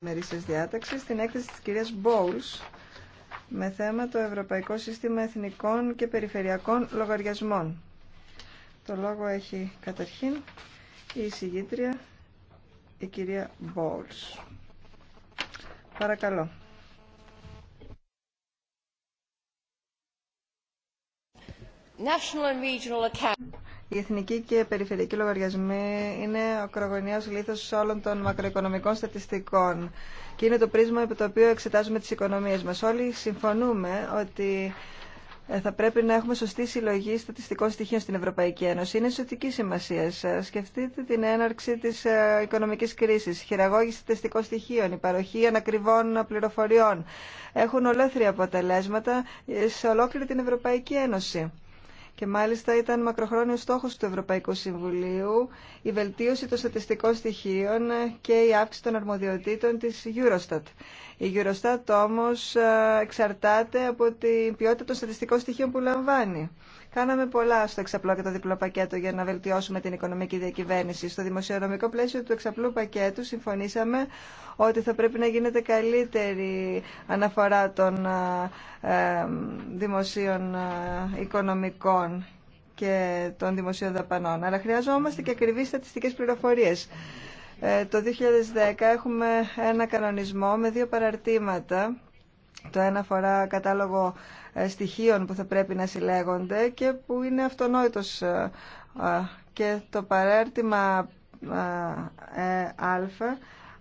μερίσες διάταξη στην έκθεση της κυρίας Μπόουλς με θέμα το Ευρωπαϊκό Σύστημα Εθνικών και Περιφερειακών Λογαριασμών. Το λόγο έχει καταρχήν η εισηγήτρια η κυρία Μπόουλς. Παρακαλώ. National and regional account. Οι εθνικοί και περιφερειακοί λογαριασμοί είναι ο κρογωνιαίο λήθο όλων των μακροοικονομικών στατιστικών και είναι το πρίσμα από το οποίο εξετάζουμε τι οικονομίε μα. Όλοι συμφωνούμε ότι ε, θα πρέπει να έχουμε σωστή συλλογή στατιστικών στοιχείων στην Ευρωπαϊκή Ένωση. Είναι ισοτική σημασία. Σκεφτείτε την έναρξη τη ε, οικονομική κρίση, χειραγώγηση στατιστικών στοιχείων, η παροχή ανακριβών πληροφοριών. Έχουν ολέθρια αποτελέσματα ε, σε ολόκληρη την Ευρωπαϊκή Ένωση. Και μάλιστα ήταν μακροχρόνιος στόχος του Ευρωπαϊκού Συμβουλίου η βελτίωση των στατιστικών στοιχείων και η αύξηση των αρμοδιοτήτων της Eurostat. Η Eurostat όμως ε, εξαρτάται από την ποιότητα των στατιστικών στοιχείων που λαμβάνει. Κάναμε πολλά στο εξαπλό και το διπλό πακέτο για να βελτιώσουμε την οικονομική διακυβέρνηση. Στο δημοσιονομικό πλαίσιο του εξαπλού πακέτου συμφωνήσαμε ότι θα πρέπει να γίνεται καλύτερη αναφορά των ε, ε, δημοσίων ε, οικονομικών και των δημοσίων δαπανών. Αλλά χρειαζόμαστε και ακριβείς στατιστικές πληροφορίες. το 2010 έχουμε ένα κανονισμό με δύο παραρτήματα. Το ένα αφορά κατάλογο ε, στοιχείων που θα πρέπει να συλλέγονται και που είναι αυτονόητος ε, ε, και το παρέρτημα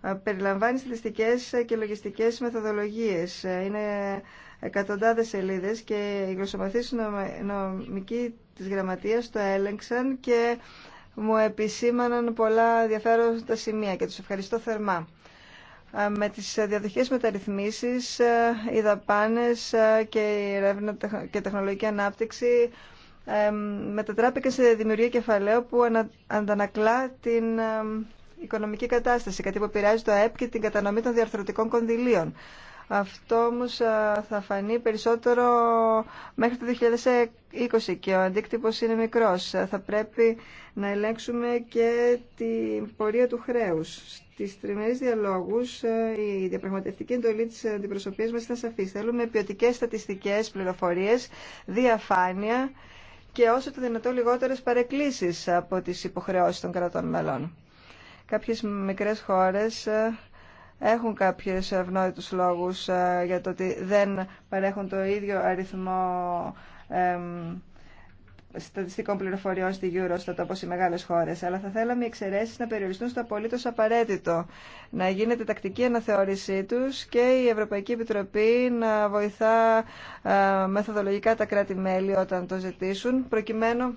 Α περιλαμβάνει στατιστικές και λογιστικές μεθοδολογίες. Είναι εκατοντάδες σελίδες και οι γλωσσομαθείς νομικοί της γραμματείας το έλεγξαν και μου επισήμαναν πολλά ενδιαφέροντα σημεία και τους ευχαριστώ θερμά. Ε, με τις διαδοχές μεταρρυθμίσεις, ε, οι δαπάνες ε, και η και τεχνολογική ανάπτυξη μετατράπηκε σε δημιουργία κεφαλαίου που αντανακλά την οικονομική κατάσταση, κάτι που επηρεάζει το ΑΕΠ και την κατανομή των διαρθρωτικών κονδυλίων. Αυτό όμω θα φανεί περισσότερο μέχρι το 2020 και ο αντίκτυπο είναι μικρός. Θα πρέπει να ελέγξουμε και την πορεία του χρέους. Στι τριμερείς διαλόγους η διαπραγματευτική εντολή τη αντιπροσωπεία μας ήταν σαφή. Θέλουμε ποιοτικέ στατιστικές, πληροφορίες, διαφάνεια και όσο το δυνατόν λιγότερες παρεκκλήσει από τι υποχρεώσει των κρατών μελών. Κάποιε μικρέ χώρε έχουν κάποιες ευνόητους λόγους ε, για το ότι δεν παρέχουν το ίδιο αριθμό στατιστικών πληροφοριών στη Eurostat όπως οι μεγάλες χώρες, αλλά θα θέλαμε οι εξαιρέσεις να περιοριστούν στο απολύτως απαραίτητο, να γίνεται τακτική αναθεώρησή τους και η Ευρωπαϊκή Επιτροπή να βοηθά ε, μεθοδολογικά τα κράτη-μέλη όταν το ζητήσουν, προκειμένου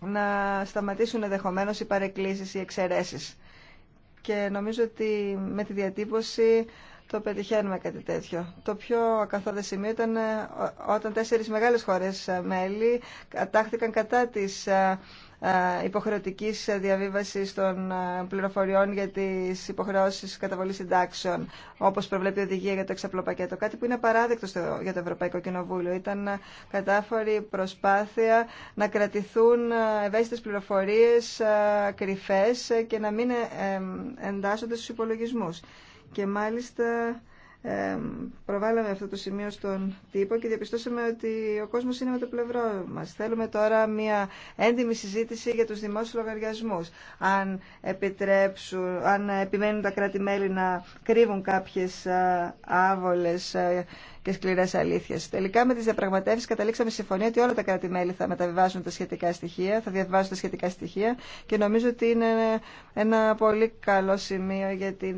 να σταματήσουν ενδεχομένω οι παρεκκλήσεις ή εξαιρέσεις και νομίζω ότι με τη διατύπωση το πετυχαίνουμε κάτι τέτοιο. Το πιο ακαθόδε σημείο ήταν ε, όταν τέσσερις μεγάλες χώρες ε, μέλη κατάχθηκαν ε, κατά της ε, υποχρεωτικής διαβίβασης των ε, πληροφοριών για τις υποχρεώσεις καταβολής συντάξεων, όπως προβλέπει η οδηγία για το εξαπλοπακέτο. Κάτι που είναι παράδεκτο για το Ευρωπαϊκό Κοινοβούλιο. Ήταν ε, κατάφορη προσπάθεια να κρατηθούν ευαίσθητες πληροφορίες κρυφές και να μην εντάσσονται στους υπολογισμούς. Και μάλιστα προβάλαμε αυτό το σημείο στον τύπο και διαπιστώσαμε ότι ο κόσμος είναι με το πλευρό μας. Θέλουμε τώρα μια έντιμη συζήτηση για τους δημόσιους λογαριασμούς. Αν, επιτρέψουν, αν επιμένουν τα κράτη-μέλη να κρύβουν κάποιες ε, άβολες ε, και σκληρέ αλήθειε. Τελικά με τι διαπραγματεύσει καταλήξαμε συμφωνία ότι όλα τα κράτη-μέλη θα μεταβιβάζουν τα σχετικά στοιχεία, θα διαβάζουν τα σχετικά στοιχεία και νομίζω ότι είναι ένα πολύ καλό σημείο για τη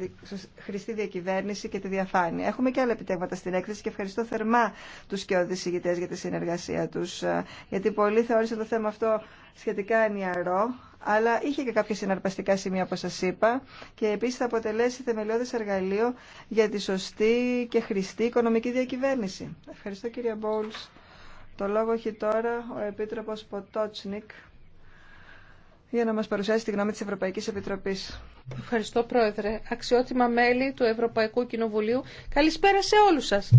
χρηστή διακυβέρνηση και τη διαφάνεια. Έχουμε και άλλα επιτέγματα στην έκθεση και ευχαριστώ θερμά του και οδησηγητέ για τη συνεργασία του, ε, γιατί πολλοί θεώρησαν το θέμα αυτό σχετικά ενιαρό, αλλά είχε και κάποια συναρπαστικά σημεία όπως σας είπα και επίσης θα αποτελέσει θεμελιώδες εργαλείο για τη σωστή και χρηστή οικονομική διακυβέρνηση. Ευχαριστώ κυρία Μπόλς. Το λόγο έχει τώρα ο Επίτροπος Ποτότσνικ για να μας παρουσιάσει τη γνώμη της Ευρωπαϊκής Επιτροπής. Ευχαριστώ Πρόεδρε. Αξιότιμα μέλη του Ευρωπαϊκού Κοινοβουλίου. Καλησπέρα σε όλους σας.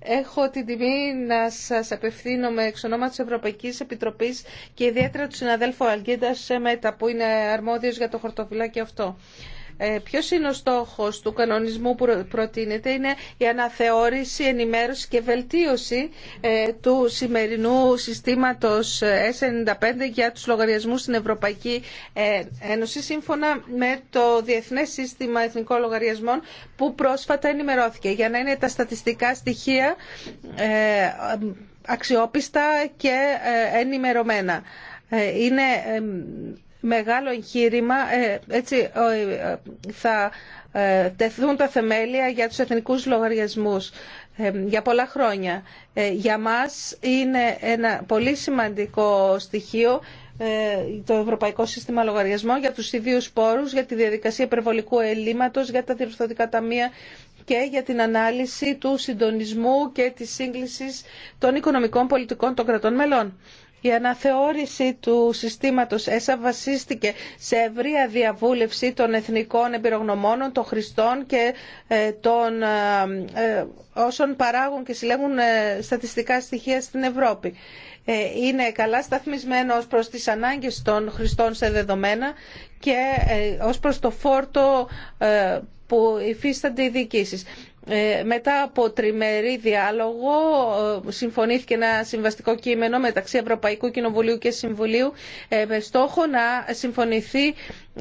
Έχω την τιμή να σας απευθύνω εξ ονόματος Ευρωπαϊκή Ευρωπαϊκής Επιτροπής και ιδιαίτερα του συναδέλφου Αλγίντα Σέμετα που είναι αρμόδιο για το χορτοφυλάκι αυτό. Ε, ποιος είναι ο στόχο του κανονισμού που προτείνεται είναι η αναθεώρηση, ενημέρωση και βελτίωση ε, του σημερινού συστήματος ε, S95 για τους λογαριασμούς στην Ευρωπαϊκή ε, Ένωση σύμφωνα με το Διεθνές Σύστημα Εθνικών Λογαριασμών που πρόσφατα ενημερώθηκε για να είναι τα στατιστικά στοιχεία αξιόπιστα και ενημερωμένα. Είναι μεγάλο εγχείρημα, ε, έτσι ε, θα ε, τεθούν τα θεμέλια για τους εθνικούς λογαριασμούς για πολλά χρόνια. Για μας είναι ένα πολύ σημαντικό στοιχείο το Ευρωπαϊκό Σύστημα Λογαριασμών για τους ιδίους πόρους, για τη διαδικασία υπερβολικού ελλείμματος, για τα διευθυντικά ταμεία και για την ανάλυση του συντονισμού και της σύγκλησης των οικονομικών πολιτικών των κρατών μελών. Η αναθεώρηση του συστήματος ΕΣΑ βασίστηκε σε ευρεία διαβούλευση των εθνικών εμπειρογνωμόνων, των χρηστών και ε, των ε, ε, όσων παράγουν και συλλέγουν στατιστικά στοιχεία στην Ευρώπη. Είναι καλά σταθμισμένο ως προς τις ανάγκες των χρηστών σε δεδομένα και ως προς το φόρτο που υφίστανται οι διοικήσεις. Ε, μετά από τριμερή διάλογο ε, συμφωνήθηκε ένα συμβαστικό κείμενο μεταξύ Ευρωπαϊκού Κοινοβουλίου και Συμβουλίου ε, με στόχο να συμφωνηθεί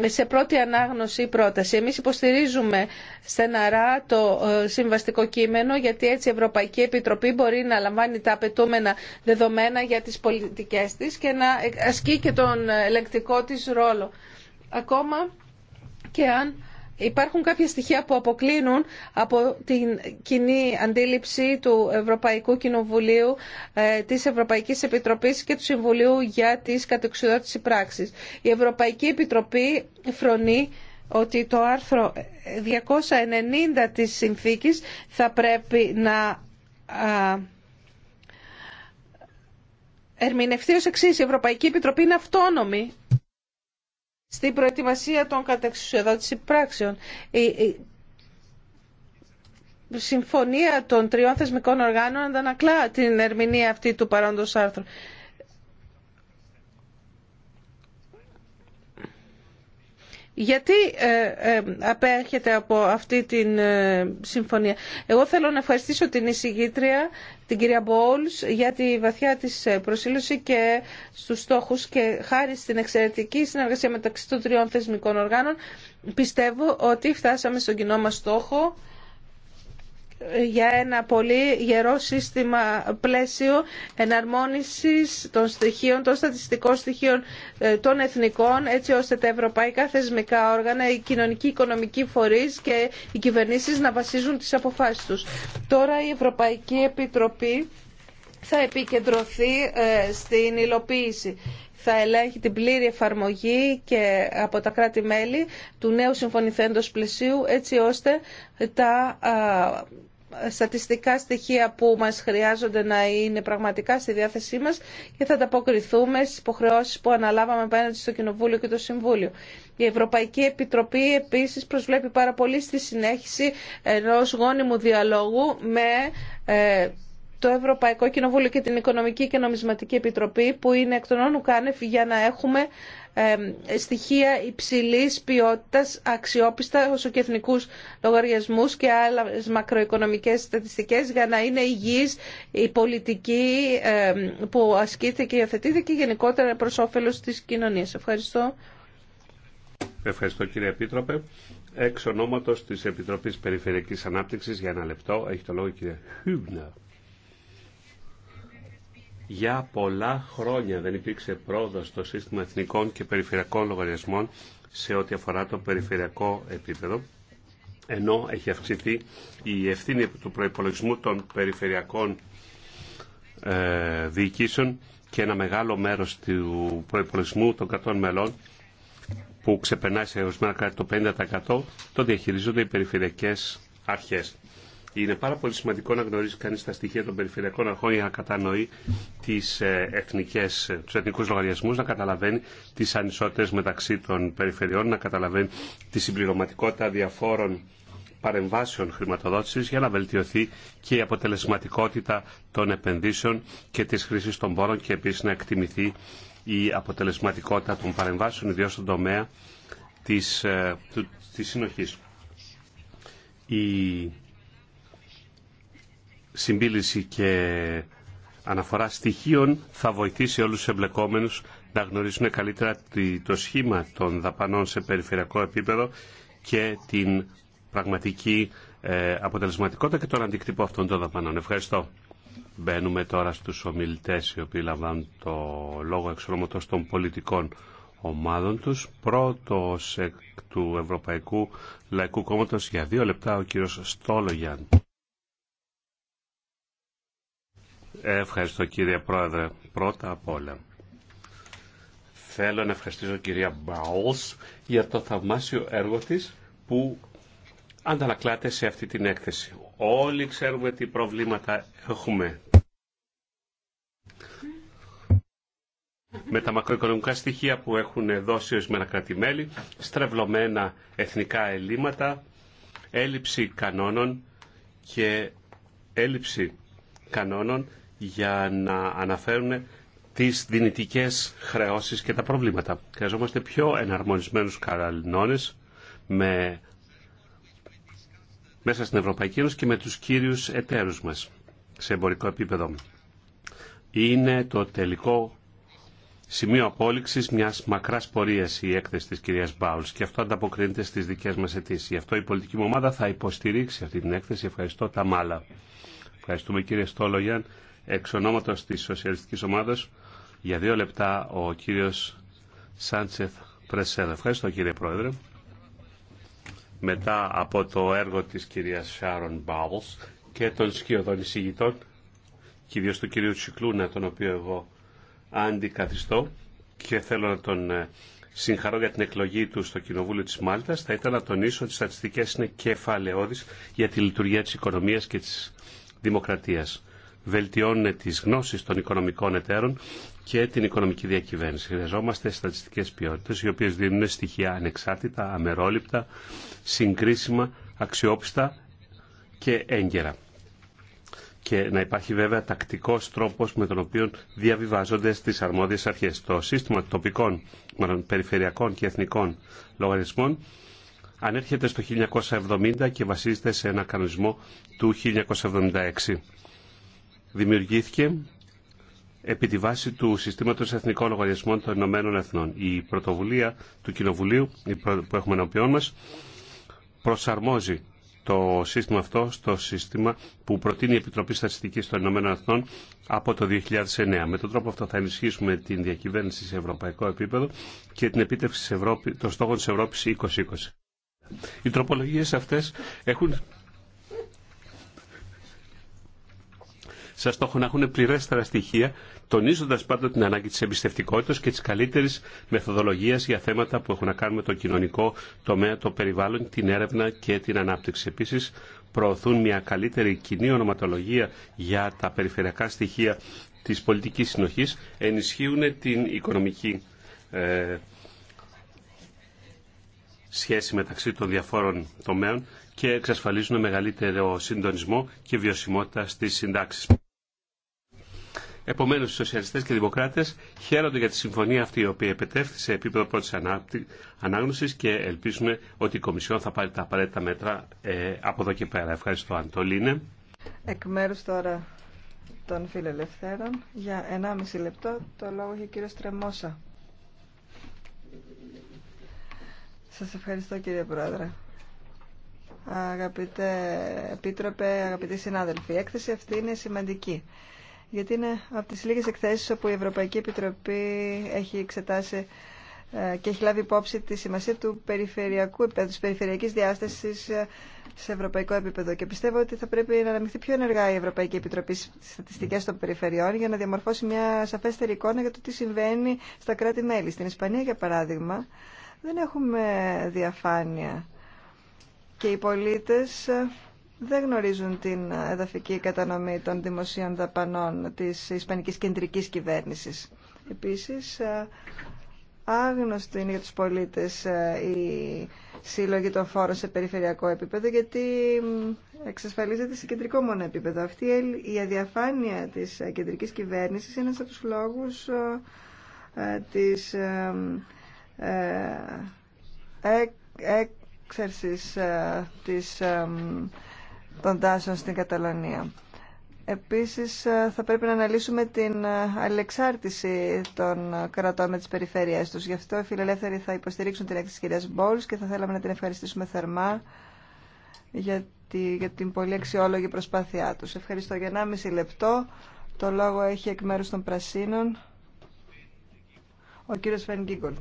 σε πρώτη ανάγνωση η πρόταση. Εμείς υποστηρίζουμε στεναρά το συμβαστικό κείμενο γιατί έτσι η Ευρωπαϊκή Επιτροπή μπορεί να λαμβάνει τα απαιτούμενα δεδομένα για τις πολιτικές της και να ασκεί και τον ελεγκτικό της ρόλο. Ακόμα και αν Υπάρχουν κάποια στοιχεία που αποκλίνουν από την κοινή αντίληψη του Ευρωπαϊκού Κοινοβουλίου, ε, της Ευρωπαϊκής Επιτροπής και του Συμβουλίου για τις κατεξουδότητε πράξεις. Η Ευρωπαϊκή Επιτροπή φρονεί ότι το άρθρο 290 της συνθήκης θα πρέπει να ερμηνευτεί ως εξής. Η Ευρωπαϊκή Επιτροπή είναι αυτόνομη στην προετοιμασία των κατεξουσιοδότηση πράξεων. Η συμφωνία των τριών θεσμικών οργάνων αντανακλά την ερμηνεία αυτή του παρόντος άρθρου. Γιατί ε, ε, απέρχεται από αυτή την ε, συμφωνία. Εγώ θέλω να ευχαριστήσω την εισηγήτρια, την κυρία Μπόλς, για τη βαθιά της προσήλωση και στους στόχους και χάρη στην εξαιρετική συνεργασία μεταξύ των τριών θεσμικών οργάνων πιστεύω ότι φτάσαμε στον κοινό μας στόχο για ένα πολύ γερό σύστημα πλαίσιο εναρμόνισης των στοιχείων, των στατιστικών στοιχείων ε, των εθνικών, έτσι ώστε τα ευρωπαϊκά θεσμικά όργανα, οι κοινωνικοί, οικονομικοί φορείς και οι κυβερνήσεις να βασίζουν τις αποφάσεις τους. Τώρα η Ευρωπαϊκή Επιτροπή θα επικεντρωθεί ε, στην υλοποίηση θα ελέγχει την πλήρη εφαρμογή και από τα κράτη-μέλη του νέου συμφωνηθέντος πλαισίου έτσι ώστε τα στατιστικά στοιχεία που μας χρειάζονται να είναι πραγματικά στη διάθεσή μας και θα ανταποκριθούμε στις υποχρεώσεις που αναλάβαμε απέναντι στο Κοινοβούλιο και το Συμβούλιο. Η Ευρωπαϊκή Επιτροπή επίσης προσβλέπει πάρα πολύ στη συνέχιση ενός γόνιμου διαλόγου με ε, το Ευρωπαϊκό Κοινοβούλιο και την Οικονομική και Νομισματική Επιτροπή που είναι εκ των όνων για να έχουμε στοιχεία υψηλής ποιότητας, αξιόπιστα, όσο και εθνικούς λογαριασμούς και άλλες μακροοικονομικές στατιστικές για να είναι υγιής η πολιτική που ασκείται και υιοθετείται γενικότερα προς όφελος της κοινωνίας. Ευχαριστώ. Ευχαριστώ κύριε Επίτροπε. Εξ ονόματος της Επιτροπής Περιφερειακής Ανάπτυξης για ένα λεπτό έχει το λόγο κύριε Χούμπνερ. Για πολλά χρόνια δεν υπήρξε πρόοδο στο σύστημα εθνικών και περιφερειακών λογαριασμών σε ό,τι αφορά το περιφερειακό επίπεδο, ενώ έχει αυξηθεί η ευθύνη του προϋπολογισμού των περιφερειακών ε, διοικήσεων και ένα μεγάλο μέρος του προϋπολογισμού των κρατών μελών που ξεπερνάει σε ορισμένα κράτη το 50% το διαχειρίζονται οι περιφερειακές αρχές. Είναι πάρα πολύ σημαντικό να γνωρίζει κανεί τα στοιχεία των περιφερειακών αρχών για να κατανοεί τις ε, εθνικές, τους εθνικούς λογαριασμούς, να καταλαβαίνει τις ανισότητες μεταξύ των περιφερειών, να καταλαβαίνει τη συμπληρωματικότητα διαφόρων παρεμβάσεων χρηματοδότησης για να βελτιωθεί και η αποτελεσματικότητα των επενδύσεων και της χρήσης των πόρων και επίσης να εκτιμηθεί η αποτελεσματικότητα των παρεμβάσεων, ιδίως στον τομέα της, ε, της Η συμπίληση και αναφορά στοιχείων θα βοηθήσει όλους τους εμπλεκόμενους να γνωρίσουν καλύτερα το σχήμα των δαπανών σε περιφερειακό επίπεδο και την πραγματική ε, αποτελεσματικότητα και τον αντικτύπο αυτών των δαπανών. Ευχαριστώ. Μπαίνουμε τώρα στους ομιλητές οι οποίοι λαμβάνουν το λόγο εξωρωματός των πολιτικών ομάδων τους. Πρώτος εκ του Ευρωπαϊκού Λαϊκού Κόμματος για δύο λεπτά ο κύριος Στόλογιαν. Ευχαριστώ κύριε Πρόεδρε. Πρώτα απ' όλα. Θέλω να ευχαριστήσω κυρία Μπάουλς για το θαυμάσιο έργο της που αντανακλάται σε αυτή την έκθεση. Όλοι ξέρουμε τι προβλήματα έχουμε με τα μακροοικονομικά στοιχεία που έχουν δώσει ορισμένα κρατημέλη, στρεβλωμένα εθνικά ελλείμματα, έλλειψη κανόνων και έλλειψη κανόνων για να αναφέρουν τις δυνητικές χρεώσεις και τα προβλήματα. Χρειαζόμαστε πιο εναρμονισμένους καραλινώνες με μέσα στην Ευρωπαϊκή Ένωση και με τους κύριους εταίρους μας σε εμπορικό επίπεδο. Είναι το τελικό σημείο απόλυξη μια μακρά πορεία η έκθεση τη κυρία Μπάουλ και αυτό ανταποκρίνεται στι δικέ μα αιτήσει. Γι' αυτό η πολιτική μου ομάδα θα υποστηρίξει αυτή την έκθεση. Ευχαριστώ τα μάλα. Ευχαριστούμε κύριε Στόλογιαν. Εξ ονόματος της Σοσιαλιστικής Ομάδας, για δύο λεπτά ο κύριος Σάντσεφ Πρεσέδα. Ευχαριστώ κύριε Πρόεδρε. Μετά από το έργο της κυρίας Σάρων Μπάουλς και των σκιωδών εισηγητών, κυρίως του κυρίου Τσικλούνα, τον οποίο εγώ αντικαθιστώ και θέλω να τον ε, συγχαρώ για την εκλογή του στο Κοινοβούλιο της Μάλτας. Θα ήθελα να τονίσω ότι οι στατιστικές είναι κεφαλαιώδεις για τη λειτουργία της οικονομίας και της δημοκρατίας βελτιώνουν τις γνώσεις των οικονομικών εταίρων και την οικονομική διακυβέρνηση. Χρειαζόμαστε στατιστικές ποιότητες, οι οποίες δίνουν στοιχεία ανεξάρτητα, αμερόληπτα, συγκρίσιμα, αξιόπιστα και έγκαιρα. Και να υπάρχει βέβαια τακτικός τρόπος με τον οποίο διαβιβάζονται στις αρμόδιες αρχές. Το σύστημα τοπικών, περιφερειακών και εθνικών λογαριασμών ανέρχεται στο 1970 και βασίζεται σε ένα κανονισμό του 1976 δημιουργήθηκε επί τη βάση του Συστήματος Εθνικών Λογαριασμών των Ηνωμένων Εθνών. Η πρωτοβουλία του Κοινοβουλίου που έχουμε ενώπιόν μας προσαρμόζει το σύστημα αυτό στο σύστημα που προτείνει η Επιτροπή Στατιστικής των Ηνωμένων Εθνών από το 2009. Με τον τρόπο αυτό θα ενισχύσουμε την διακυβέρνηση σε ευρωπαϊκό επίπεδο και την επίτευξη των στόχων της Ευρώπης 2020. Οι τροπολογίες αυτές έχουν σαν στόχο να έχουν πληρέστερα στοιχεία, τονίζοντα πάντα την ανάγκη τη εμπιστευτικότητα και τη καλύτερη μεθοδολογία για θέματα που έχουν να κάνουν με το κοινωνικό τομέα, το περιβάλλον, την έρευνα και την ανάπτυξη. Επίση, προωθούν μια καλύτερη κοινή ονοματολογία για τα περιφερειακά στοιχεία τη πολιτική συνοχή, ενισχύουν την οικονομική ε, σχέση μεταξύ των διαφόρων τομέων και εξασφαλίζουν μεγαλύτερο συντονισμό και βιωσιμότητα στις συντάξεις. Επομένω, οι σοσιαλιστές και οι δημοκράτες χαίρονται για τη συμφωνία αυτή η οποία επιτεύχθη σε επίπεδο πρώτη ανάγνωση και ελπίζουμε ότι η Κομισιόν θα πάρει τα απαραίτητα μέτρα ε, από εδώ και πέρα. Ευχαριστώ, Αντολίνε. Εκ μέρου τώρα των φιλελευθέρων, για 1,5 λεπτό το λόγο έχει ο κύριο Τρεμόσα. Σα ευχαριστώ κύριε Πρόεδρε. Αγαπητέ Επίτροπε, αγαπητοί συνάδελφοι, η έκθεση αυτή είναι σημαντική γιατί είναι από τις λίγες εκθέσεις όπου η Ευρωπαϊκή Επιτροπή έχει εξετάσει ε, και έχει λάβει υπόψη τη σημασία του περιφερειακού επίπεδου, της περιφερειακής διάστασης ε, σε ευρωπαϊκό επίπεδο. Και πιστεύω ότι θα πρέπει να αναμειχθεί πιο ενεργά η Ευρωπαϊκή Επιτροπή στις στατιστικές των περιφερειών για να διαμορφώσει μια σαφέστερη εικόνα για το τι συμβαίνει στα κράτη-μέλη. Στην Ισπανία, για παράδειγμα, δεν έχουμε διαφάνεια και οι πολίτες ε, δεν γνωρίζουν την εδαφική κατανομή των δημοσίων δαπανών της Ισπανικής Κεντρικής Κυβέρνησης. Επίσης, άγνωστοι είναι για τους πολίτες η σύλλογη των φόρων σε περιφερειακό επίπεδο, γιατί εξασφαλίζεται σε κεντρικό μόνο επίπεδο. Αυτή η αδιαφάνεια της κεντρικής κυβέρνησης είναι ένας από τους λόγους της έξαρσης της των τάσεων στην Καταλωνία. Επίσης ε, θα πρέπει να αναλύσουμε την ε, αλληλεξάρτηση των ε, κρατών με τις περιφέρειές τους. Γι' αυτό οι φιλελεύθεροι θα υποστηρίξουν την έκθεση της κυρίας Μπόλς και θα θέλαμε να την ευχαριστήσουμε θερμά για, για την πολύ αξιόλογη προσπάθειά τους. Ευχαριστώ για 1,5 λεπτό. Το λόγο έχει εκ μέρους των Πρασίνων ο κύριος Φεν Γκίγκολτ.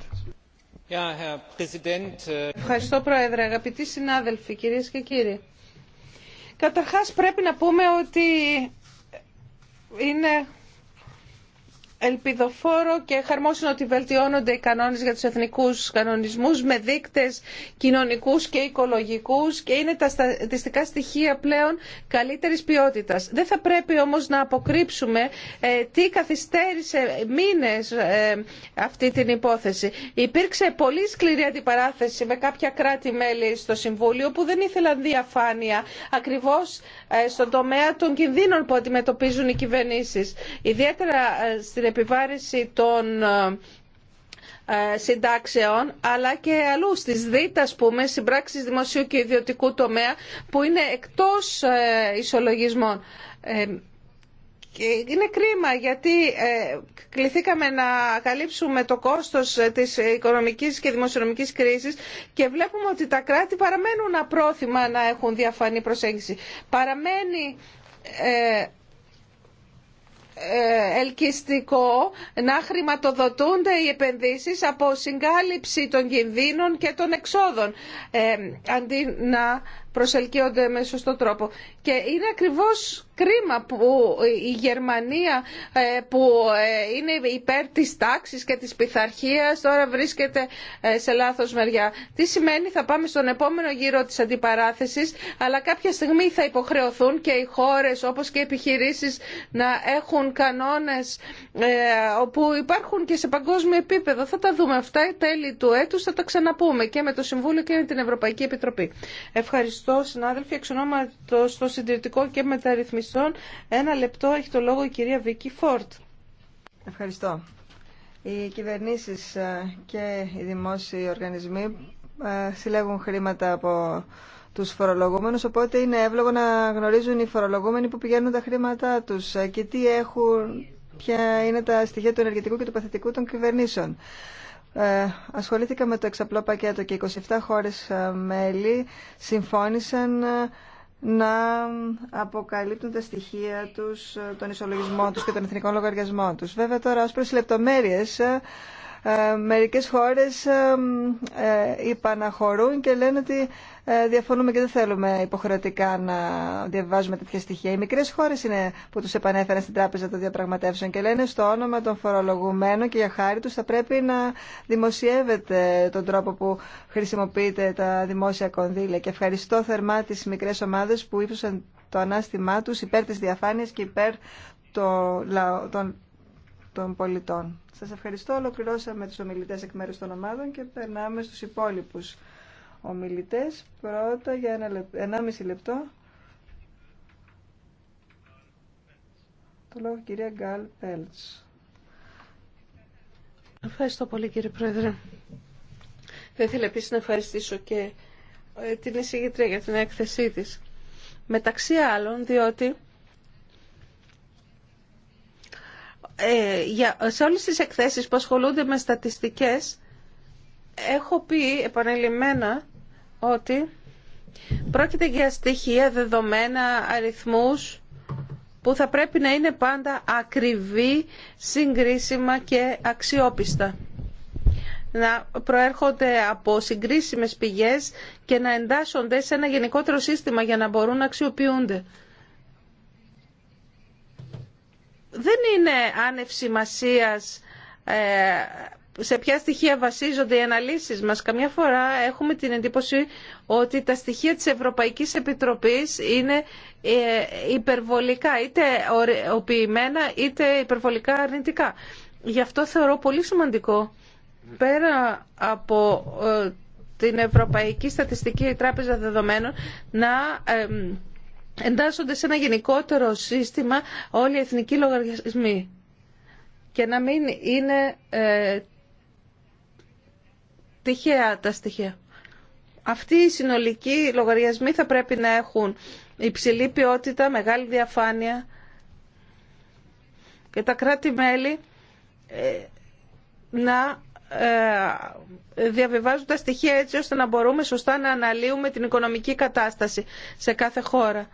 Ευχαριστώ Πρόεδρε, αγαπητοί συνάδελφοι, κυρίες και κύριοι. Καταρχάς πρέπει να πούμε ότι είναι ελπιδοφόρο και χαρμόσυνο ότι βελτιώνονται οι κανόνες για τους εθνικούς κανονισμούς με δείκτες κοινωνικούς και οικολογικούς και είναι τα στατιστικά στοιχεία πλέον καλύτερης ποιότητας. Δεν θα πρέπει όμως να αποκρύψουμε ε, τι καθυστέρησε μήνες ε, αυτή την υπόθεση. Υπήρξε πολύ σκληρή αντιπαράθεση με κάποια κράτη-μέλη στο Συμβούλιο που δεν ήθελαν διαφάνεια ακριβώς ε, στον τομέα των κινδύνων που αντιμετωπίζουν οι κυβερνήσει. Ιδιαίτερα στην επιβάρηση των ε, ε, συντάξεων αλλά και αλλού στις δίτα, ας πούμε συμπράξεις δημοσίου και ιδιωτικού τομέα που είναι εκτός ε, ισολογισμών. Είναι κρίμα γιατί κληθήκαμε να καλύψουμε το κόστος της οικονομικής και δημοσιονομικής κρίσης και βλέπουμε ότι τα κράτη παραμένουν απρόθυμα να έχουν διαφανή προσέγγιση. Παραμένει ε, ελκυστικό να χρηματοδοτούνται οι επενδύσεις από συγκάλυψη των κινδύνων και των εξόδων ε, αντί να προσελκύονται με σωστό τρόπο. Και είναι ακριβώς κρίμα που η Γερμανία ε, που ε, είναι υπέρ της τάξης και της πειθαρχία τώρα βρίσκεται ε, σε λάθος μεριά. Τι σημαίνει θα πάμε στον επόμενο γύρο της αντιπαράθεσης αλλά κάποια στιγμή θα υποχρεωθούν και οι χώρες όπως και οι επιχειρήσεις να έχουν κανόνες όπου υπάρχουν και σε παγκόσμιο επίπεδο. Θα τα δούμε αυτά τέλη του έτους θα τα ξαναπούμε και με το Συμβούλιο και με την Ευρωπαϊκή Επιτροπή. Ευχαριστώ. Ευχαριστώ, συνάδελφοι. Εξ ονόματος των συντηρητικών και μεταρρυθμιστών, ένα λεπτό έχει το λόγο η κυρία Βίκη Φόρτ. Ευχαριστώ. Οι κυβερνήσεις ε, και οι δημόσιοι οργανισμοί ε, συλλέγουν χρήματα από τους φορολογούμενους, οπότε είναι εύλογο να γνωρίζουν οι φορολογούμενοι που πηγαίνουν τα χρήματά τους ε, και τι έχουν, ποια είναι τα στοιχεία του ενεργητικού και του παθητικού των κυβερνήσεων. Ε, ασχολήθηκα με το εξαπλό πακέτο και 27 χώρες ε, μέλη συμφώνησαν ε, να αποκαλύπτουν τα στοιχεία τους, τον ισολογισμό τους και τον εθνικό λογαριασμό τους. Βέβαια τώρα ως προς λεπτομέρειες ε, μερικές χώρες ε, ε, υπαναχωρούν και λένε ότι διαφωνούμε και δεν θέλουμε υποχρεωτικά να διαβάζουμε τέτοια στοιχεία. Οι μικρές χώρες είναι που τους επανέφεραν στην Τράπεζα των Διαπραγματεύσεων και λένε στο όνομα των φορολογουμένων και για χάρη τους θα πρέπει να δημοσιεύεται τον τρόπο που χρησιμοποιείται τα δημόσια κονδύλια. Και ευχαριστώ θερμά τις μικρές ομάδες που ύψωσαν το ανάστημά τους υπέρ της διαφάνειας και υπέρ των των πολιτών. Σας ευχαριστώ. Ολοκληρώσαμε τους ομιλητές εκ μέρους των ομάδων και περνάμε στους υπόλοιπους ομιλητές. Πρώτα για ένα 1,5 λεπτό. Το λόγο κυρία Γκάλ Πέλτς. Ευχαριστώ πολύ κύριε Πρόεδρε. Θα ήθελα επίσης να ευχαριστήσω και ε, την εισηγήτρια για την έκθεσή της. Μεταξύ άλλων, διότι Ε, σε όλες τις εκθέσεις που ασχολούνται με στατιστικές έχω πει επανελειμμένα ότι πρόκειται για στοιχεία, δεδομένα, αριθμούς που θα πρέπει να είναι πάντα ακριβή, συγκρίσιμα και αξιόπιστα. Να προέρχονται από συγκρίσιμες πηγές και να εντάσσονται σε ένα γενικότερο σύστημα για να μπορούν να αξιοποιούνται. δεν είναι άνευ ε, σε ποια στοιχεία βασίζονται οι αναλύσεις μας. Καμιά φορά έχουμε την εντύπωση ότι τα στοιχεία της Ευρωπαϊκής Επιτροπής είναι ε, υπερβολικά, είτε οποιημένα είτε υπερβολικά αρνητικά. Γι' αυτό θεωρώ πολύ σημαντικό, πέρα από ε, την Ευρωπαϊκή Στατιστική Τράπεζα Δεδομένων, να ε, εντάσσονται σε ένα γενικότερο σύστημα όλοι οι εθνικοί λογαριασμοί και να μην είναι ε, τυχαία τα στοιχεία. Αυτοί οι συνολικοί λογαριασμοί θα πρέπει να έχουν υψηλή ποιότητα, μεγάλη διαφάνεια και τα κράτη-μέλη ε, να ε, διαβιβάζουν τα στοιχεία έτσι ώστε να μπορούμε σωστά να αναλύουμε την οικονομική κατάσταση σε κάθε χώρα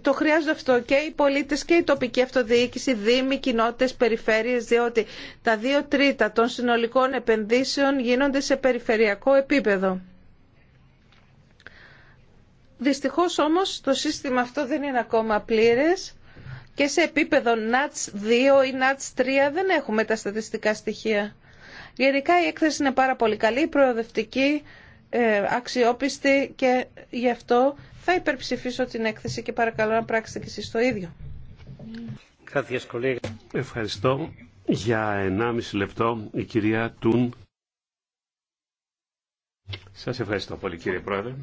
το χρειάζονται αυτό και οι πολίτε και η τοπική αυτοδιοίκηση, δήμοι, κοινότητες, περιφέρειες, διότι τα δύο τρίτα των συνολικών επενδύσεων γίνονται σε περιφερειακό επίπεδο. Δυστυχώς όμως το σύστημα αυτό δεν είναι ακόμα πλήρε και σε επίπεδο ΝΑΤΣ 2 ή ΝΑΤΣ 3 δεν έχουμε τα στατιστικά στοιχεία. Γενικά η έκθεση είναι πάρα πολύ καλή, προοδευτική, ε, αξιόπιστη και γι' αυτό θα υπερψηφίσω την έκθεση και παρακαλώ να πράξετε και εσείς το ίδιο. Ευχαριστώ. Για 1,5 λεπτό η κυρία Τούν. Σας ευχαριστώ πολύ κύριε Πρόεδρε.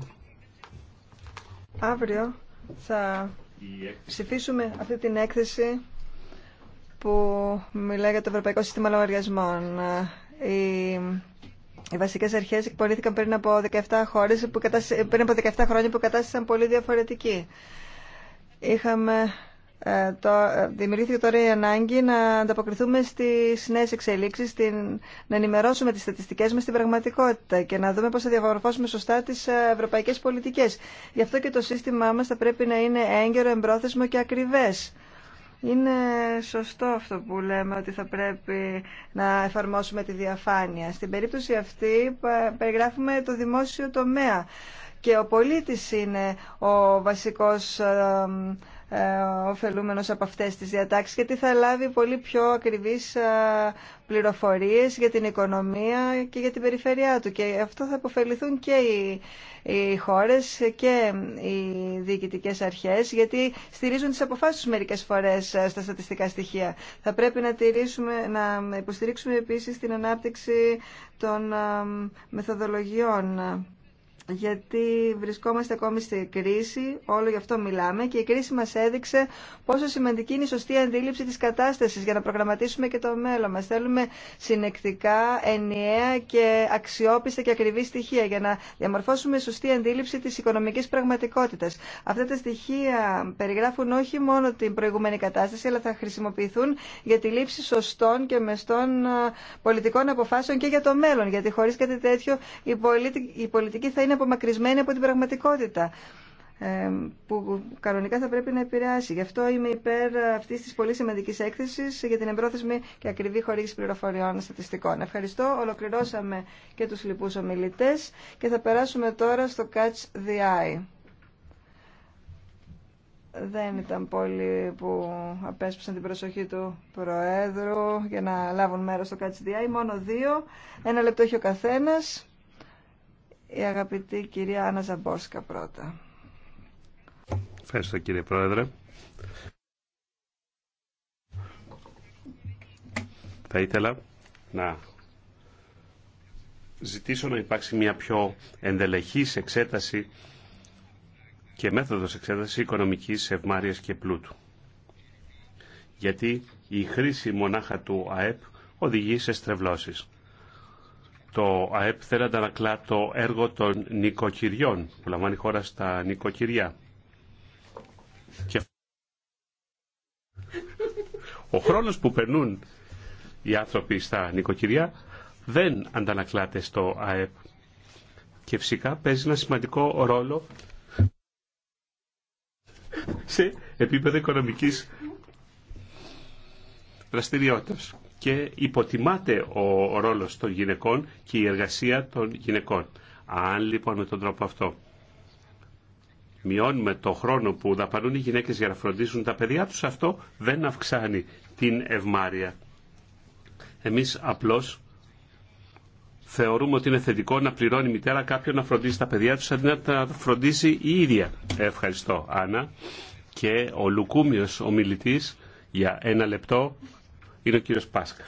Αύριο θα ψηφίσουμε αυτή την έκθεση που μιλάει για το Ευρωπαϊκό Σύστημα Λογαριασμών. Η οι βασικέ αρχέ εκπονήθηκαν πριν από 17 χώρε, πριν από 17 χρόνια που κατάστησαν πολύ διαφορετική. Είχαμε ε, το, ε, δημιουργήθηκε τώρα η ανάγκη να ανταποκριθούμε στι νέε εξελίξει, να ενημερώσουμε τι στατιστικέ μα στην πραγματικότητα και να δούμε πώ θα διαμορφώσουμε σωστά τι ε, ευρωπαϊκέ πολιτικέ. Γι' αυτό και το σύστημά μα θα πρέπει να είναι έγκαιρο, εμπρόθεσμο και ακριβές. Είναι σωστό αυτό που λέμε ότι θα πρέπει να εφαρμόσουμε τη διαφάνεια. Στην περίπτωση αυτή περιγράφουμε το δημόσιο τομέα και ο πολίτης είναι ο βασικός ε, ε, ωφελούμενος από αυτές τις διατάξεις γιατί θα λάβει πολύ πιο ακριβείς ε, πληροφορίες για την οικονομία και για την περιφερειά του και αυτό θα αποφεληθούν και οι, χώρες και οι διοικητικές αρχές γιατί στηρίζουν τις αποφάσεις μερικές φορές ε, στα στατιστικά στοιχεία. Θα πρέπει να, τηρήσουμε, να υποστηρίξουμε επίσης την ανάπτυξη των μεθοδολογιών γιατί βρισκόμαστε ακόμη στη κρίση, όλο γι' αυτό μιλάμε και η κρίση μας έδειξε πόσο σημαντική είναι η σωστή αντίληψη της κατάστασης για να προγραμματίσουμε και το μέλλον μας. Θέλουμε συνεκτικά, ενιαία και αξιόπιστα και ακριβή στοιχεία για να διαμορφώσουμε σωστή αντίληψη της οικονομικής πραγματικότητας. Αυτά τα στοιχεία περιγράφουν όχι μόνο την προηγούμενη κατάσταση, αλλά θα χρησιμοποιηθούν για τη λήψη σωστών και μεστών πολιτικών αποφάσεων και για το μέλλον, γιατί χωρίς κάτι τέτοιο η πολιτική θα είναι απομακρυσμένη από την πραγματικότητα ε, που κανονικά θα πρέπει να επηρεάσει. Γι' αυτό είμαι υπέρ αυτή τη πολύ σημαντική έκθεση για την εμπρόθεσμη και ακριβή χορήγηση πληροφοριών στατιστικών. Ευχαριστώ. Ολοκληρώσαμε και του λοιπού ομιλητέ και θα περάσουμε τώρα στο Catch the Eye. Δεν ήταν πολλοί που απέσπισαν την προσοχή του Προέδρου για να λάβουν μέρος στο Catch the Eye. Μόνο δύο. Ένα λεπτό έχει ο καθένας η αγαπητή κυρία Άννα Ζαμπόσκα πρώτα. Ευχαριστώ κύριε Πρόεδρε. Θα ήθελα να ζητήσω να υπάρξει μια πιο ενδελεχής εξέταση και μέθοδος εξέτασης οικονομικής ευμάρειας και πλούτου. Γιατί η χρήση μονάχα του ΑΕΠ οδηγεί σε στρεβλώσεις το ΑΕΠ να αντανακλά το έργο των νοικοκυριών που λαμβάνει χώρα στα νοικοκυριά. Ο χρόνος που περνούν οι άνθρωποι στα νοικοκυριά δεν αντανακλάται στο ΑΕΠ. Και φυσικά παίζει ένα σημαντικό ρόλο σε επίπεδο οικονομικής δραστηριότητας και υποτιμάται ο ρόλος των γυναικών και η εργασία των γυναικών. Αν λοιπόν με τον τρόπο αυτό μειώνουμε το χρόνο που δαπανούν οι γυναίκες για να φροντίσουν τα παιδιά τους, αυτό δεν αυξάνει την ευμάρεια. Εμείς απλώς θεωρούμε ότι είναι θετικό να πληρώνει η μητέρα κάποιον να φροντίζει τα παιδιά τους αντί να τα φροντίσει η ίδια. Ευχαριστώ Άννα. Και ο Λουκούμιος, ο μιλητής, για ένα λεπτό είναι ο κύριος Πάσκα.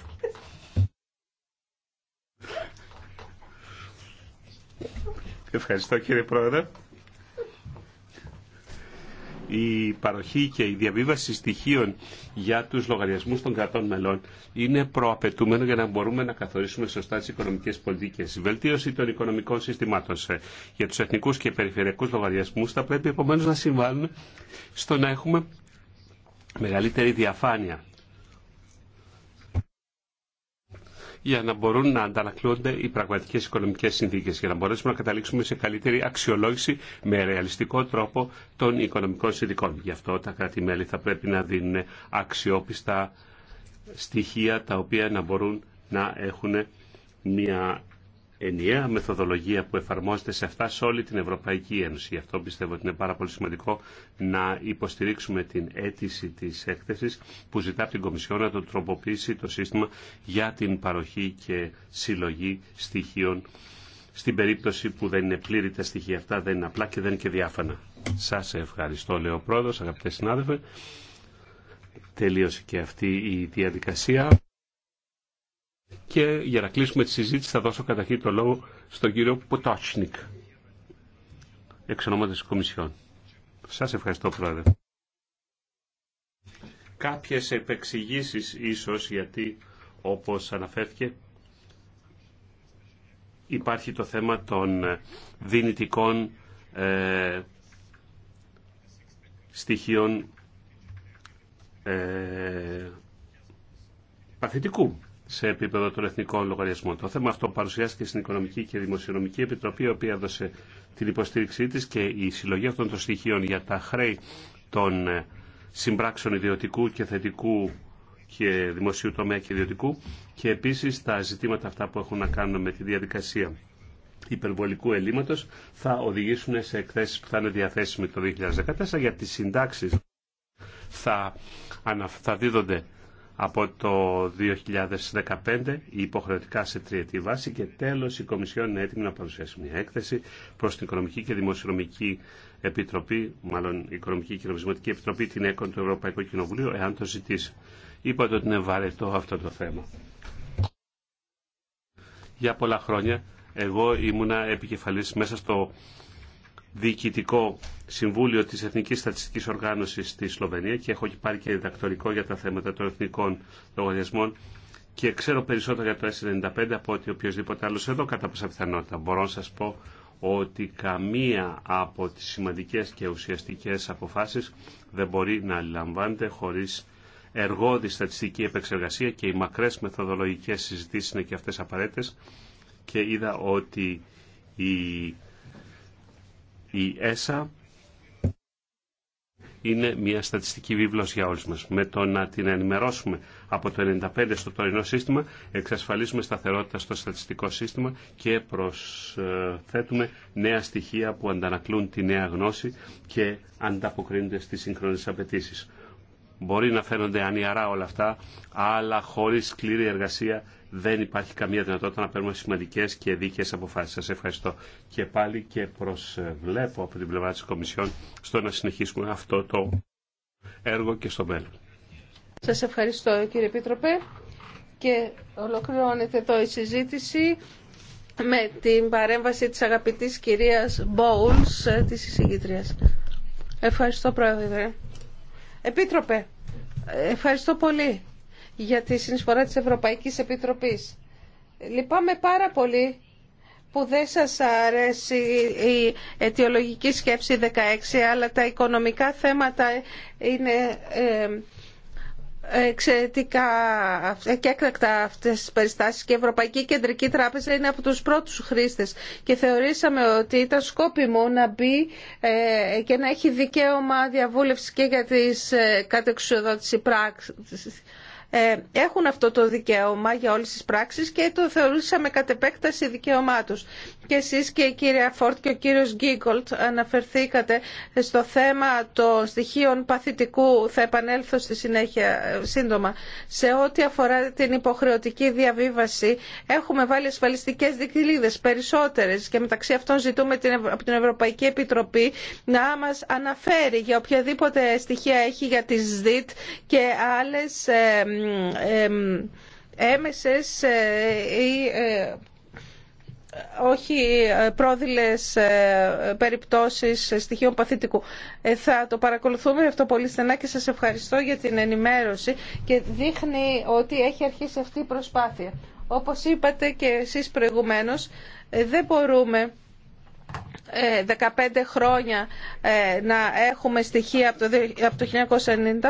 Ευχαριστώ κύριε Πρόεδρε. Η παροχή και η διαβίβαση στοιχείων για τους λογαριασμούς των κρατών μελών είναι προαπαιτούμενο για να μπορούμε να καθορίσουμε σωστά τις οικονομικές πολιτικές. Η βελτίωση των οικονομικών συστημάτων για τους εθνικούς και περιφερειακούς λογαριασμούς θα πρέπει επομένως να συμβάλλουν στο να έχουμε μεγαλύτερη διαφάνεια για να μπορούν να αντανακλούνται οι πραγματικέ οικονομικέ συνθήκε, για να μπορέσουμε να καταλήξουμε σε καλύτερη αξιολόγηση με ρεαλιστικό τρόπο των οικονομικών συνθηκών. Γι' αυτό τα κράτη-μέλη θα πρέπει να δίνουν αξιόπιστα στοιχεία τα οποία να μπορούν να έχουν μια ενιαία μεθοδολογία που εφαρμόζεται σε αυτά σε όλη την Ευρωπαϊκή Ένωση. Γι' αυτό πιστεύω ότι είναι πάρα πολύ σημαντικό να υποστηρίξουμε την αίτηση της έκθεσης που ζητά από την Κομισιόν να το τροποποιήσει το σύστημα για την παροχή και συλλογή στοιχείων στην περίπτωση που δεν είναι πλήρη τα στοιχεία αυτά, δεν είναι απλά και δεν είναι και διάφανα. Σας ευχαριστώ, λέει ο αγαπητέ συνάδελφε. Τελείωσε και αυτή η διαδικασία. Και για να κλείσουμε τη συζήτηση θα δώσω καταρχήν το λόγο στον κύριο Ποτότσνικ, εξ ονόματος Κομισιόν. Σας ευχαριστώ πρόεδρε. Κάποιες επεξηγήσεις ίσως γιατί όπως αναφέρθηκε υπάρχει το θέμα των ε, δυνητικών ε, στοιχείων ε, παθητικού σε επίπεδο των εθνικών λογαριασμών. Το θέμα αυτό παρουσιάστηκε στην Οικονομική και Δημοσιονομική Επιτροπή, η οποία έδωσε την υποστήριξή της και η συλλογή αυτών των στοιχείων για τα χρέη των ε, συμπράξεων ιδιωτικού και θετικού και δημοσίου τομέα και ιδιωτικού και επίσης τα ζητήματα αυτά που έχουν να κάνουν με τη διαδικασία υπερβολικού ελλείμματος θα οδηγήσουν σε εκθέσεις που θα είναι διαθέσιμε το 2014 για τις συντάξεις θα, θα δίδονται από το 2015 υποχρεωτικά σε τριετή βάση και τέλος η Κομισιόν είναι έτοιμη να παρουσιάσει μια έκθεση προς την Οικονομική και Δημοσιονομική Επιτροπή, μάλλον η Οικονομική και Δημοσιονομική Επιτροπή, την ΕΚΟΝ του Ευρωπαϊκού Κοινοβουλίου, εάν το ζητήσει. Είπατε ότι είναι βαρετό αυτό το θέμα. Για πολλά χρόνια εγώ ήμουνα επικεφαλής μέσα στο Διοικητικό Συμβούλιο της Εθνικής Στατιστικής Οργάνωσης στη Σλοβενία και έχω πάρει και διδακτορικό για τα θέματα των εθνικών λογαριασμών και ξέρω περισσότερο για το S95 από ότι οποιοδήποτε άλλο εδώ κατά πάσα πιθανότητα. Μπορώ να σας πω ότι καμία από τις σημαντικές και ουσιαστικές αποφάσεις δεν μπορεί να λαμβάνεται χωρίς εργόδη στατιστική επεξεργασία και οι μακρές μεθοδολογικές συζητήσεις είναι και αυτές απαραίτητες και είδα ότι η η ΕΣΑ είναι μια στατιστική βίβλος για όλους μας. Με το να την ενημερώσουμε από το 95 στο τωρινό σύστημα, εξασφαλίζουμε σταθερότητα στο στατιστικό σύστημα και προσθέτουμε νέα στοιχεία που αντανακλούν τη νέα γνώση και ανταποκρίνονται στις σύγχρονες απαιτήσει. Μπορεί να φαίνονται ανιαρά όλα αυτά, αλλά χωρίς σκληρή εργασία δεν υπάρχει καμία δυνατότητα να παίρνουμε σημαντικέ και δίκαιε αποφάσει. Σα ευχαριστώ και πάλι και προσβλέπω από την πλευρά τη Κομισιόν στο να συνεχίσουμε αυτό το έργο και στο μέλλον. Σας ευχαριστώ κύριε Επίτροπε και ολοκληρώνεται εδώ η συζήτηση με την παρέμβαση της αγαπητής κυρίας Μπόουλς ε, της εισηγήτριας. Ευχαριστώ πρόεδρε. Επίτροπε, ευχαριστώ πολύ για τη συνεισφορά της Ευρωπαϊκής Επιτροπής. Λυπάμαι πάρα πολύ που δεν σας αρέσει η αιτιολογική σκέψη 16, αλλά τα οικονομικά θέματα είναι ε, εξαιρετικά και έκτακτα αυτές τις περιστάσεις και η Ευρωπαϊκή Κεντρική Τράπεζα είναι από τους πρώτους χρήστες και θεωρήσαμε ότι ήταν σκόπιμο να μπει ε, και να έχει δικαίωμα διαβούλευση και για τις ε, κατεξουδότηση πράξεις ε, έχουν αυτό το δικαίωμα για όλες τις πράξεις και το θεωρούσαμε κατ' επέκταση δικαίωμά τους. Και εσείς και η κυρία Φόρτ και ο κύριος Γκίγκολτ αναφερθήκατε στο θέμα των στοιχείων παθητικού, θα επανέλθω στη συνέχεια ε, σύντομα. Σε ό,τι αφορά την υποχρεωτική διαβίβαση έχουμε βάλει ασφαλιστικές δικτυλίδες περισσότερες και μεταξύ αυτών ζητούμε από την Ευρωπαϊκή Επιτροπή να μας αναφέρει για οποιαδήποτε στοιχεία έχει για τις ΔΙΤ και άλλες ε, έμεσες ε, ή ε, όχι ε, πρόδειλες περιπτώσεις στοιχείων παθητικού. Θα το παρακολουθούμε αυτό πολύ στενά και σας ευχαριστώ για την ενημέρωση και δείχνει ότι έχει αρχίσει αυτή η προσπάθεια. Όπως είπατε και εσείς προηγουμένως, δεν μπορούμε 15 χρόνια ε, να έχουμε στοιχεία από το 1995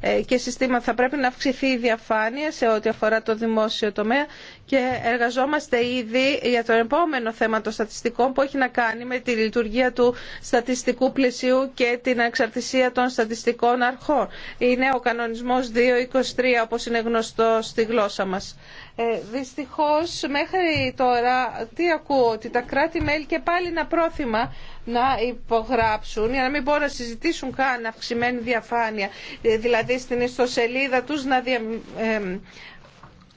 ε, και συστήμα θα πρέπει να αυξηθεί η διαφάνεια σε ό,τι αφορά το δημόσιο τομέα και εργαζόμαστε ήδη για το επόμενο θέμα των στατιστικών που έχει να κάνει με τη λειτουργία του στατιστικού πλαισίου και την εξαρτησία των στατιστικών αρχών. Είναι ο κανονισμός 223 όπως είναι γνωστό στη γλώσσα μας. Ε, δυστυχώς μέχρι τώρα τι ακούω ότι τα κράτη-μέλη και πάλι να πρόκειται πρόθυμα να υπογράψουν για να μην μπορούν να συζητήσουν καν αυξημένη διαφάνεια. Δηλαδή στην ιστοσελίδα τους να δια,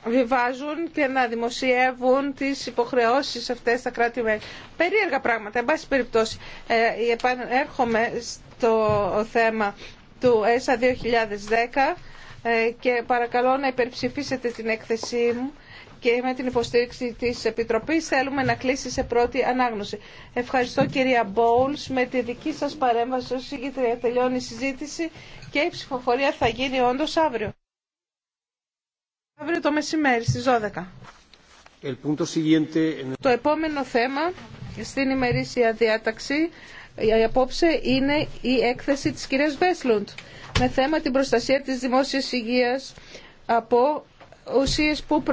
βιβάζουν και να δημοσιεύουν τις υποχρεώσεις αυτές στα κράτη-μέλη. Περίεργα πράγματα. Εν πάση περιπτώσει, ε, έρχομαι στο θέμα του ΕΣΑ 2010 ε, και παρακαλώ να υπερψηφίσετε την έκθεσή μου και με την υποστήριξη της Επιτροπής θέλουμε να κλείσει σε πρώτη ανάγνωση. Ευχαριστώ κυρία Μπόουλς. Με τη δική σας παρέμβαση ως ηγήτρια τελειώνει η συζήτηση και η ψηφοφορία θα γίνει όντως αύριο. Αύριο το μεσημέρι στις 12. Το επόμενο θέμα στην ημερήσια διάταξη η απόψε είναι η έκθεση της κυρίας Βέσλουντ με θέμα την προστασία της δημόσιας υγείας από ουσίες που